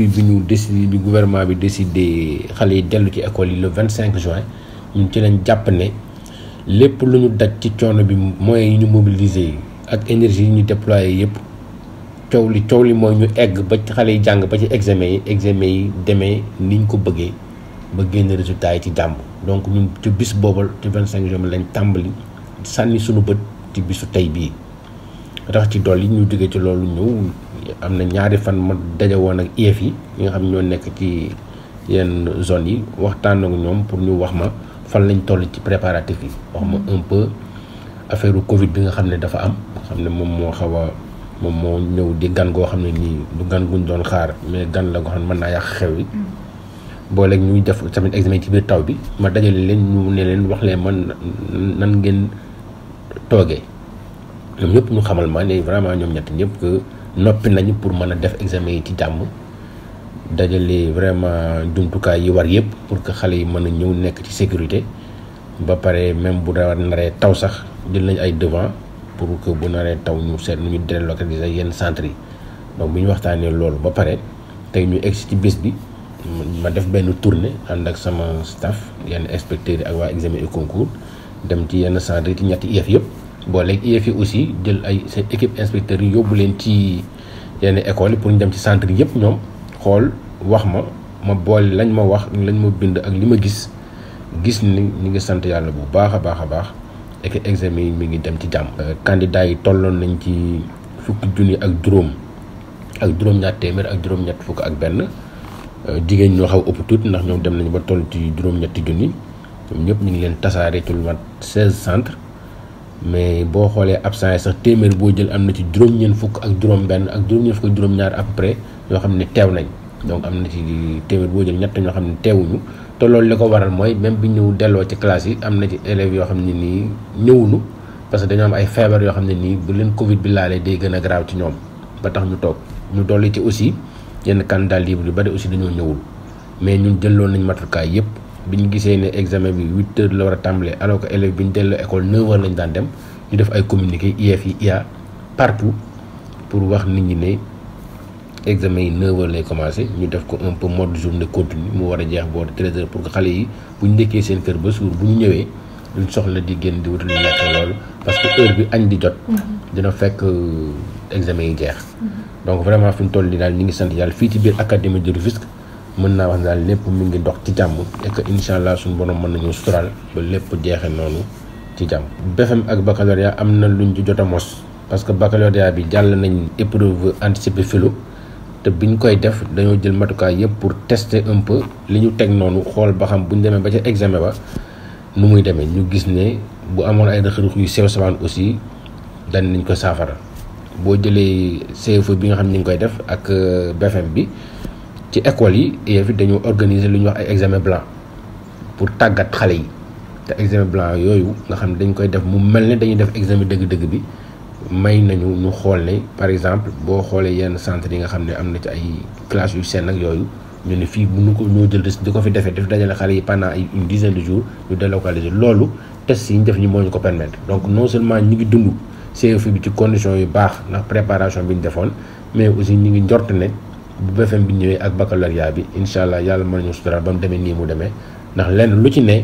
depuis bi ñu décidé bi gouvernement bi décidé xalé yi dellu ci école yi le 25 juin ñu ci lañ japp né lépp lu ñu daj ci coono bi moyens ñu mobiliser ak énergie yi ñu déployer yépp coow li coow li mooy ñu egg ba ci xale yi jàng ba ci examen yi examen yi demee niñ ko bëggee ba génn résultat yi ci jàmm donc ñun ci bis boobal ci 25 juin lañ tàmbali sànni suñu bët ci bisu tey bii rax ci dolli ñu jógee ci loolu ñëw. am na ñaari fan ma daje woon ak IEF yi ñi nga xam ñoo nekk ci yenn zone yi waxtaan ak ñoom pour ñu wax ma fan lañ toll ci préparatif yi wax ma un peu affaire Covid bi nga xam ne dafa am nga xam ne moom moo xaw a moom moo ñëw di gan goo xam ne nii du gan guñ doon xaar mais gan la ko xam ne mën naa yàq xew yi mm. boole ñuy def tamit examen ci biir taw bi ma dajale leen ñu ne leen wax leen man nan ngeen toogee ñoom ñëpp ñu xamal ma ne vraiment ñoom ñett ñëpp que nopi nañu pour mën a def examen yi ci jàmm dajale vraiment jumtukaay yi war yépp pour que xale yi mën a ñëw nekk ci sécurité ba pare même bu da naree taw sax jël nañ ay devant pour que bu naree taw ñu seet nu ñu délocaliser yenn centre yi donc bu ñu waxtaanee loolu ba pare tey ñu egsi ci bés bi ma def benn tournée ànd ak sama staff yenn inspecteurs yi ak waa examen et concours dem ci yenn centre yi ci ñetti IEF yëpp boo léeg fi aussi jël ay seen équipe inspecteurs yi yóbbu leen ci yenn école yi pour ñu dem ci centre yëpp ñoom xool wax ma ma boole lañ ma wax lañ ma bind ak li ma gis gis ni ñu ngi sant yàlla bu baax a baax a baax et que examen yi mi ngi dem ci jàmm. kandidaa euh, yi tolloon nañ ci fukk duni ak juróom ak juróom-ñaar téeméer ak juróom-ñett fukk ak benn euh, jigéen ñoo xaw ëpp tuuti ndax ñoom dem nañu ba toll ci juróom-ñetti junni ñoom ñëpp ñu ngi leen tasaare ci lu mat centres. mais boo xoolee ab absent sax téeméer boo jël am na ci juróom-ñeent fukk ak juróom-benn ak juróom-ñeent fukk ak juróom-ñaar à peu près ñoo xam ne teew nañ donc am na ci téeméer boo jël ñett ñoo xam ne teewuñu te loolu li ko waral mooy même bi ñu delloo ci classe yi am na ci élèves yoo xam ne nii ñëwuñu parce que dañoo am ay feebar yoo xam ne nii bu leen Covid bi laalee day gën a garaaw ci ñoom ba tax ñu toog ñu dolli ci aussi yenn daal libre yu bari aussi dañoo ñëwul mais ñun jëloon nañ matukaay yëpp. biñu ñu gisee ne examen bi huit heures la war a tàmbalee alors que élèves bi delloo école neuf heures lañu daan dem ñu def ay communiqué IEF IA partout pour wax nit ñi ne examen yi neuf heures lay commencé ñu def ko un peu mode journée continue mu war a jeex boori treize heures pour que xale yi bu ñu ndekkee seen kër ba suur bu ñu ñëwee duñ soxla di génn di wutal lu nekk loolu parce que heure bi añ di jot. Mhm. dina fekk euh, examen yi jeex. Mhm. donc vraiment fi ñu toll nii daal ñu ngi sant yàlla fii ci biir académie de risque. mën naa wax daal lépp mi ngi dox ci jàmm et que incha allah suñu borom mën nañu sutural ba lépp jeexe noonu ci jàmm BFM ak baccalauréat am na luñ ci jot a mos parce que baccalauréat bi jàll nañ épreuve anticipée philo te biñ koy def dañoo jël matukaay yépp pour tester un peu li ñu teg noonu xool ba xam buñ demee ba ca examen ba nu muy demee ñu gis ne bu amoon ay rëq-rëq yu sew sawaan aussi dañ nañ ko saafara boo jëlee CFE bi nga xam ni ngi koy def ak euh, BFM bi ci école yi yéen dañoo organiser lu ñuy wax ay examen blanc pour tàggat xale yi te examen blanc yooyu nga xam ne dañ koy def mu mel ne dañuy def examen dëgg-dëgg bi may nañu ñu xool ne par exemple boo xoolee yenn centre yi nga xam ne am na ci ay classe yu seen ak yooyu ñu ne fii bu ko ñoo jël di ko fi defee def dajale xale yi pendant ay une dizaine de jours ñu délocaliser loolu test yi ñu def ñu moo ñu ko permettre donc non seulement ñu ngi dund CFEE bi ci condition yu baax ndax préparation bi ñu defoon mais aussi ñu ngi njort ne. bu BFM bi ñëwee ak baccalauréat bi incha allah yàlla mën nañu sutural ba mu demee nii mu demee ndax lenn lu ci ne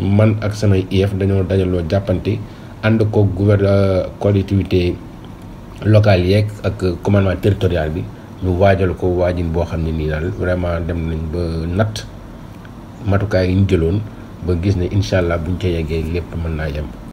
man ak samay IEF dañoo dajaloo jàppante ànd ko gouverneur euh, collectivité locale yeeg ak commandement territorial bi ñu waajal ko waajin boo xam ne nii daal vraiment dem nañ ba natt matukaay yi ñu jëloon ba gis ne incha allah buñ ca yeggee lépp mën naa yem.